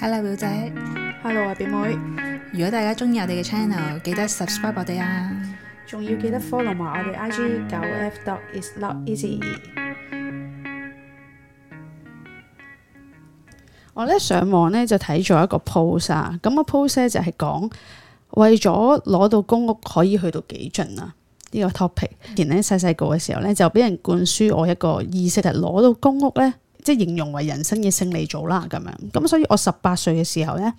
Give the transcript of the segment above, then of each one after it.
hello 表姐 hello 啊，表妹，妹。如果大家中意我哋嘅 channel，記得 subscribe 我哋啊。仲要記得 follow 埋我哋 IG 九 F dot is not easy。我咧上網咧就睇咗一個 post 啊，咁個 post 咧就係講為咗攞到公屋可以去到幾盡啊？呢個 topic。嗯。以前咧細細個嘅時候咧就俾人灌輸我一個意識，係攞到公屋咧。即係形容為人生嘅勝利組啦，咁樣咁，所以我十八歲嘅時候呢，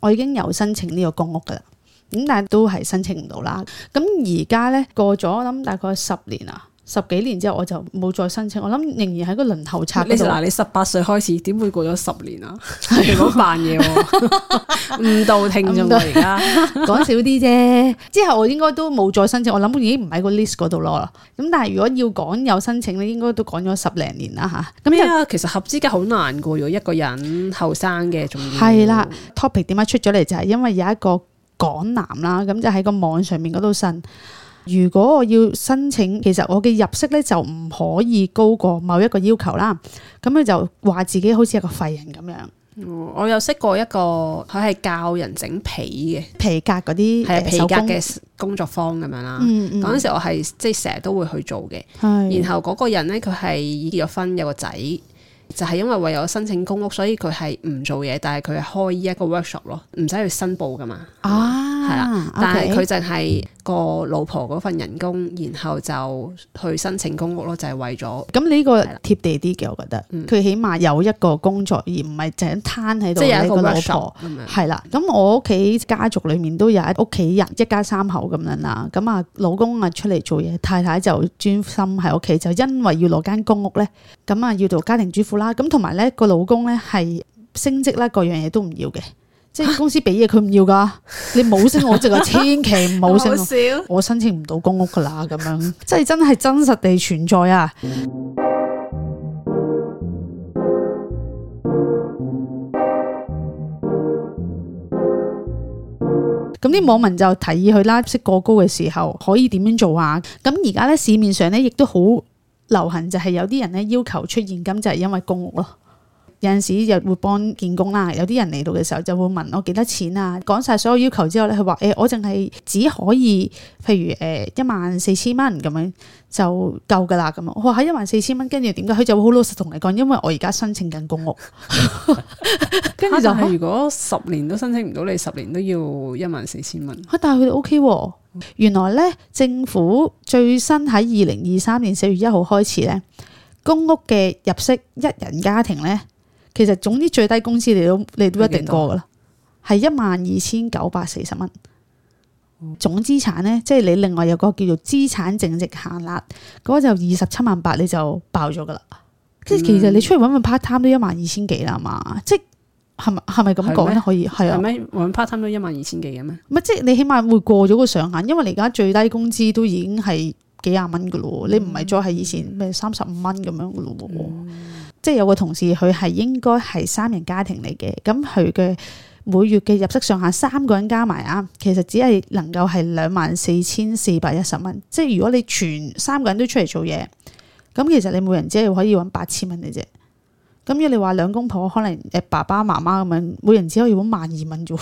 我已經有申請呢個公屋㗎啦，咁但係都係申請唔到啦。咁而家呢，過咗，我諗大概十年啊。十幾年之後我就冇再申請，我諗仍然喺個輪候冊。你嗱，你十八歲開始，點會過咗十年啊？ 你好扮嘢，誤導聽眾啊！ 笑而家講少啲啫。之後我應該都冇再申請，我諗已經唔喺個 list 嗰度咯。咁但係如果要講有申請咧，應該都講咗十零年啦吓。咁啊麼，就其實合資格好難過，如果一個人後生嘅仲係啦。Topic 點解出咗嚟，就係因為有一個港男啦，咁就喺個網上面嗰度申。如果我要申請，其實我嘅入息咧就唔可以高過某一個要求啦。咁佢就話自己好似一個廢人咁樣。我有識過一個，佢係教人整皮嘅皮革嗰啲，係皮革嘅工作坊咁樣啦。嗰陣、嗯嗯、時我係即係成日都會去做嘅。是然後嗰個人咧，佢係結咗婚有個仔，就係、是、因為為咗申請公屋，所以佢係唔做嘢，但係佢係開呢一個 workshop 咯，唔使去申報㗎嘛。啊！係啦，啊、okay, 但係佢就係個老婆嗰份人工，然後就去申請公屋咯，就係、是、為咗咁呢個貼地啲嘅。我覺得佢、嗯、起碼有一個工作，而唔係淨係攤喺度。有一個老婆，係啦樣。咁我屋企家族裏面都有一屋企人，一家三口咁樣啦。咁啊，老公啊出嚟做嘢，太太就專心喺屋企，就因為要攞間公屋咧，咁啊要做家庭主婦啦。咁同埋咧個老公咧係升職啦，各樣嘢都唔要嘅。即係公司俾嘢佢唔要噶，你冇升我直頭千祈唔好升， 我申請唔到公屋噶啦咁樣，即係真係真實地存在啊！咁啲 網民就提議佢入息過高嘅時候可以點樣做啊？咁而家咧市面上咧亦都好流行，就係、是、有啲人咧要求出現金，就係因為公屋咯。有陣時又會幫建工啦，有啲人嚟到嘅時候就會問我幾多錢啊？講晒所有要求之後咧，佢話：誒、欸，我淨係只可以，譬如誒一萬四千蚊咁樣就夠噶啦咁啊！我話：喺一萬四千蚊，跟住點解？佢就會好老實同你講，因為我而家申請緊公屋，跟住就係如果十年都申請唔到你，你十年都要一萬四千蚊。 但係佢哋 OK 喎。原來咧，政府最新喺二零二三年四月一號開始咧，公屋嘅入息一人家庭咧。其實總之最低工資你都你都一定過噶啦，係一萬二千九百四十蚊。總資產咧，即係你另外有個叫做資產淨值限額，嗰就二十七萬八，你就爆咗噶啦。即係其實你出去搵份 part time 都一萬二千幾啦嘛，嗯、即係係咪係咪咁講咧？是是呢嗎可以係啊？搵 part time 都一萬二千幾嘅咩？唔係即係你起碼會過咗個上限，因為你而家最低工資都已經係幾廿蚊噶咯，嗯、你唔係再係以前咩三十五蚊咁樣噶咯。嗯即係有個同事，佢係應該係三人家庭嚟嘅，咁佢嘅每月嘅入息上限三個人加埋啊，其實只係能夠係兩萬四千四百一十蚊。即係如果你全三個人都出嚟做嘢，咁其實你每人只係可以搵八千蚊嘅啫。咁如果你話兩公婆可能誒爸爸媽媽咁樣，每人只可以搵萬二蚊啫。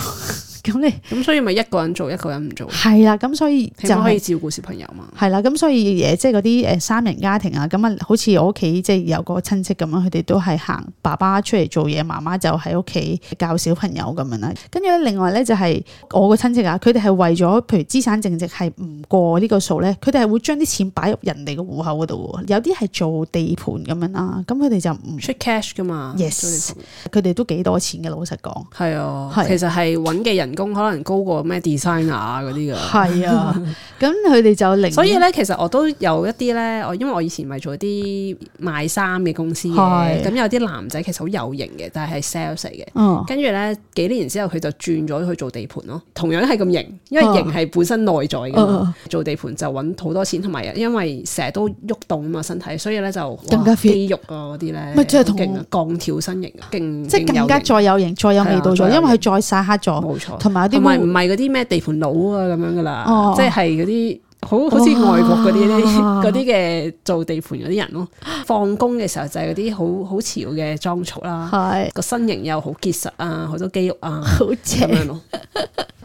咁你咁所以咪一個人做一個人唔做？係啦，咁所以就可以照顧小朋友嘛。係啦，咁所以誒，即係嗰啲誒三人家庭啊，咁啊，好似我屋企即係有個親戚咁樣，佢哋都係行爸爸出嚟做嘢，媽媽就喺屋企教小朋友咁樣啦。跟住咧，另外咧就係我個親戚啊，佢哋係為咗譬如資產淨值係唔過呢個數咧，佢哋係會將啲錢擺入人哋嘅戶口嗰度喎。有啲係做地盤咁樣啦，咁佢哋就唔出 cash 噶嘛。Yes，佢哋都幾多錢嘅，老實講。係啊，其實係揾嘅人。工可能高過咩 designer 啊嗰啲噶，係 啊，咁佢哋就零，所以咧，其實我都有一啲咧，我因為我以前咪做啲賣衫嘅公司嘅，咁是有啲男仔其實好有型嘅，但係 sales 嚟嘅，跟住咧幾年之後佢就轉咗去做地盤咯，同樣係咁型，因為型係本身內在嘅，哦、做地盤就揾好多錢，同埋因為成日都喐動啊嘛身體，動動所以咧就更加肌肉啊嗰啲咧，咪即係同鋼條身形啊，勁，即係更加再有型，再有味道，有味道因為佢再曬黑咗，冇錯。同埋唔係嗰啲咩地盤佬啊咁樣噶啦，哦、即係嗰啲好好似外國嗰啲咧，嗰啲嘅做地盤嗰啲人咯。放工嘅時候就係嗰啲好好潮嘅裝束啦，個是身形又好結實啊，好多肌肉啊，好正癡咯。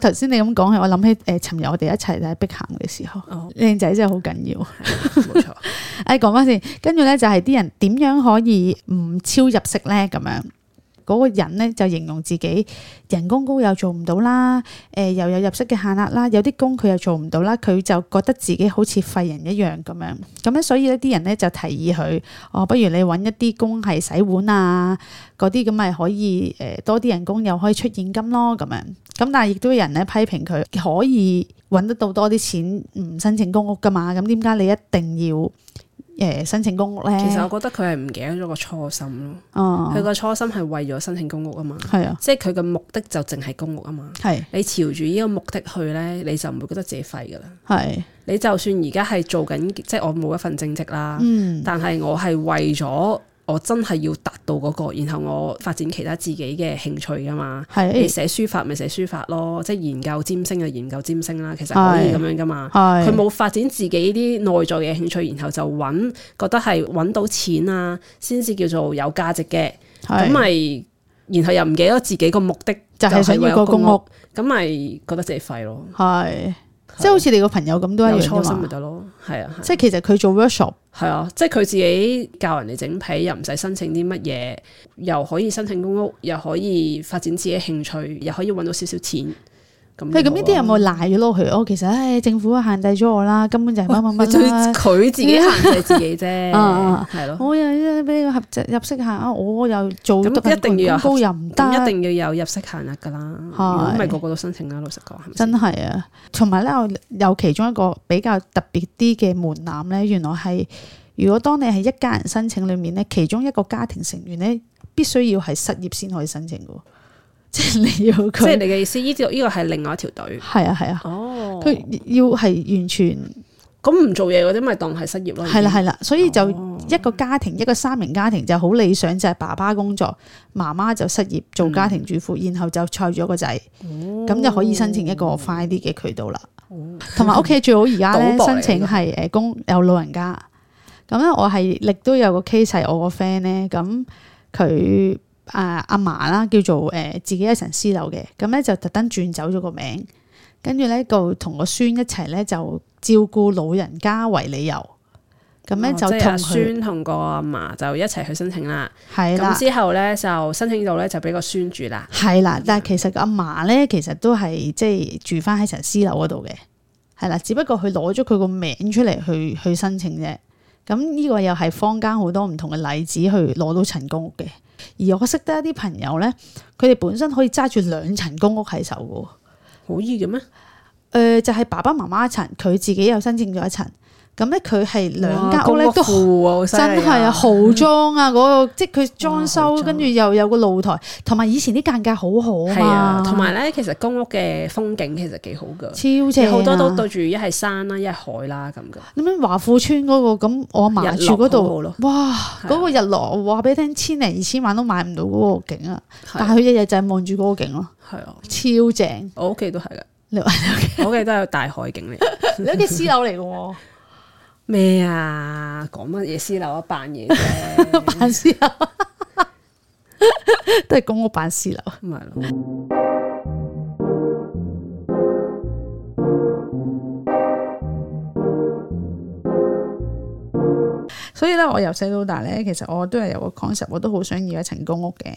頭先樣你咁講起，我諗起誒尋日我哋一齊喺碧咸嘅時候，靚、哦、仔真係好緊要。冇、嗯、錯，誒講翻先，跟住咧就係啲人點樣可以唔超入色咧咁樣？嗰個人咧就形容自己人工高又做唔到啦，誒、呃、又有入息嘅限額啦，有啲工佢又做唔到啦，佢就覺得自己好似廢人一樣咁樣。咁咧所以咧啲人咧就提議佢，哦，不如你揾一啲工係洗碗啊，嗰啲咁咪可以誒、呃、多啲人工又可以出現金咯咁樣。咁但係亦都有人咧批評佢，可以揾得到多啲錢，唔申請公屋㗎嘛？咁點解你一定要？誒，申請公屋咧，其實我覺得佢係唔記咗個初心咯。佢個、嗯、初心係為咗申請公屋啊嘛。係啊，即係佢嘅目的就淨係公屋啊嘛。係是，你朝住呢個目的去咧，你就唔會覺得自己廢噶啦。係是，你就算而家係做緊，即係我冇一份正職啦。嗯、但係我係為咗。我真係要達到嗰、那個，然後我發展其他自己嘅興趣噶嘛？的你寫書法咪寫書法咯，即係研究占星就研究占星啦。其實可以咁樣噶嘛。佢冇的發展自己啲內在嘅興趣，然後就揾，覺得係揾到錢啊，先至叫做有價值嘅。咁咪的然後又唔記得自己個目的就係想要個公屋，咁咪覺得自己廢咯。係。即係好似你個朋友咁，都係要初心咪得咯。係啊，即係其實佢做 workshop 係啊，即係佢自己教人哋整皮，又唔使申請啲乜嘢，又可以申請公屋，又可以發展自己興趣，又可以揾到少少錢。佢咁呢啲有冇賴咗攞佢？這這我，我其實唉、哎，政府限制咗我啦，根本就係乜乜乜佢自己限制自己啫，係咯、 啊。了我又俾個合入息限，我又做讀讀高高高高又一定要有，高又唔得。一定要有入息限額噶啦，如果唔係個個都申請啦，老實講。是是真係啊，同埋咧，我有其中一個比較特別啲嘅門檻咧，原來係如果當你係一家人申請裏面咧，其中一個家庭成員咧，必須要係失業先可以申請噶。即 係你要他即係你嘅意思。呢啲呢個係另外一條隊。係啊係啊。啊哦，佢要係完全咁唔、嗯嗯、做嘢嗰啲，咪當係失業咯。係啦係啦，所以就一個家庭，一個三明家庭就好理想，就係、是、爸爸工作，媽媽就失業做家庭主婦，嗯、然後就湊咗個仔。哦，咁就可以申請一個快啲嘅渠道啦。同埋屋企最好而家咧申請係誒供有老人家。咁咧，我係亦都有個 case 係我個 friend 咧，咁佢。啊阿嫲啦，叫做誒、呃、自己一層私樓嘅，咁咧就特登轉走咗個名，跟住咧就同個孫一齊咧就照顧老人家為理由，咁咧、哦、是就同孫同個阿嫲就一齊去申請啦。係啦的，之後咧就申請到咧就俾個孫住啦。係啦，但係其實阿嫲咧其實都係即係住翻喺層私樓嗰度嘅，係啦，只不過佢攞咗佢個名出嚟去去申請啫。咁呢個又係坊間好多唔同嘅例子，去攞到層公屋嘅。而我識得一啲朋友咧，佢哋本身可以揸住兩層公屋喺手嘅，可以嘅咩？誒、呃，就係、是、爸爸媽媽一層，佢自己又申請咗一層。咁咧，佢係兩間屋咧都真係豪裝啊！嗰個即係佢裝修，跟住又有個露台，同埋以前啲間隔好好係啊，同埋咧，其實公屋嘅風景其實幾好噶，超正，好多都對住一係山啦，一係海啦咁噶。咁樣華富村嗰個咁，我阿嫲住嗰度，哇，嗰個日落我話俾你聽，千零二千萬都買唔到嗰個景啊！但係佢日日就係望住嗰個景咯，係啊，超正。我屋企都係噶，我屋企都有大海景嚟，你屋企私樓嚟噶。咩啊？講乜嘢私樓啊？扮嘢啫，扮私 都係公屋扮私樓，唔係咯。所以咧，我由細到大咧，其實我都係有個 concept，我都好想要一層公屋嘅。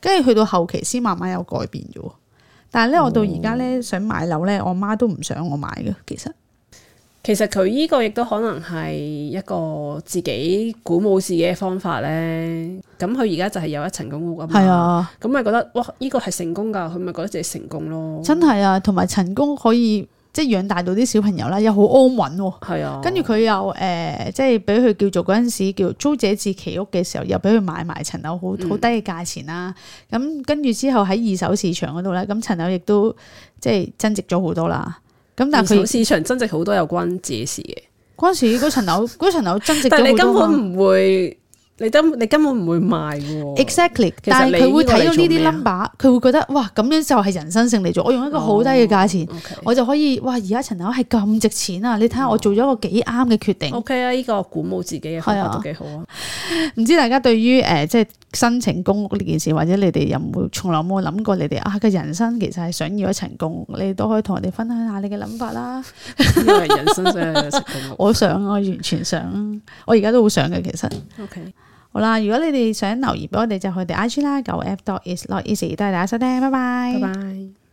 跟住去到後期先慢慢有改變嘅。但係咧，我到而家咧想買樓咧，我媽都唔想我買嘅。其實、嗯。 其實佢呢個亦都可能係一個自己鼓舞自己嘅方法咧。咁佢而家就係有一層公屋啊嘛。係啊，咁咪覺得哇！呢、呢個係成功噶，佢咪覺得自己成功咯。真係啊，同埋成功可以即係養大到啲小朋友啦，又好安穩喎。係啊，跟住佢又誒、呃，即係俾佢叫做嗰陣時叫租者置其屋嘅時候，又俾佢買埋層樓好好低嘅價錢啦。咁、嗯、跟住之後喺二手市場嗰度咧，咁層樓亦都即係增值咗好多啦。咁但係佢市場增值好多有關自己事嘅，嗰陣時嗰層樓，嗰層樓增值， 但你根本唔會。你根你根本唔會賣喎，exactly。但係佢會睇到呢啲 number，佢會覺得哇，咁樣就係人生勝利組。我用一個好低嘅價錢，oh, okay. 我就可以哇！而家層樓係咁值錢啊！Oh. 你睇下我做咗一個幾啱嘅決定。OK 啊，呢、這個鼓舞自己嘅方法幾、啊、好啊！唔知大家對於誒即係申請公屋呢件事，或者你哋又唔會從來冇諗過你哋啊嘅人生其實係想要一層公屋。」你都可以同我哋分享下你嘅諗法啦。 因為人生想 我想我完全想，我而家都好想嘅，其實。Okay. 好啦，如果你哋想留言畀我哋，就去我哋 I G 啦，九 F dot is not easy，多謝大家收聽，拜拜。拜拜。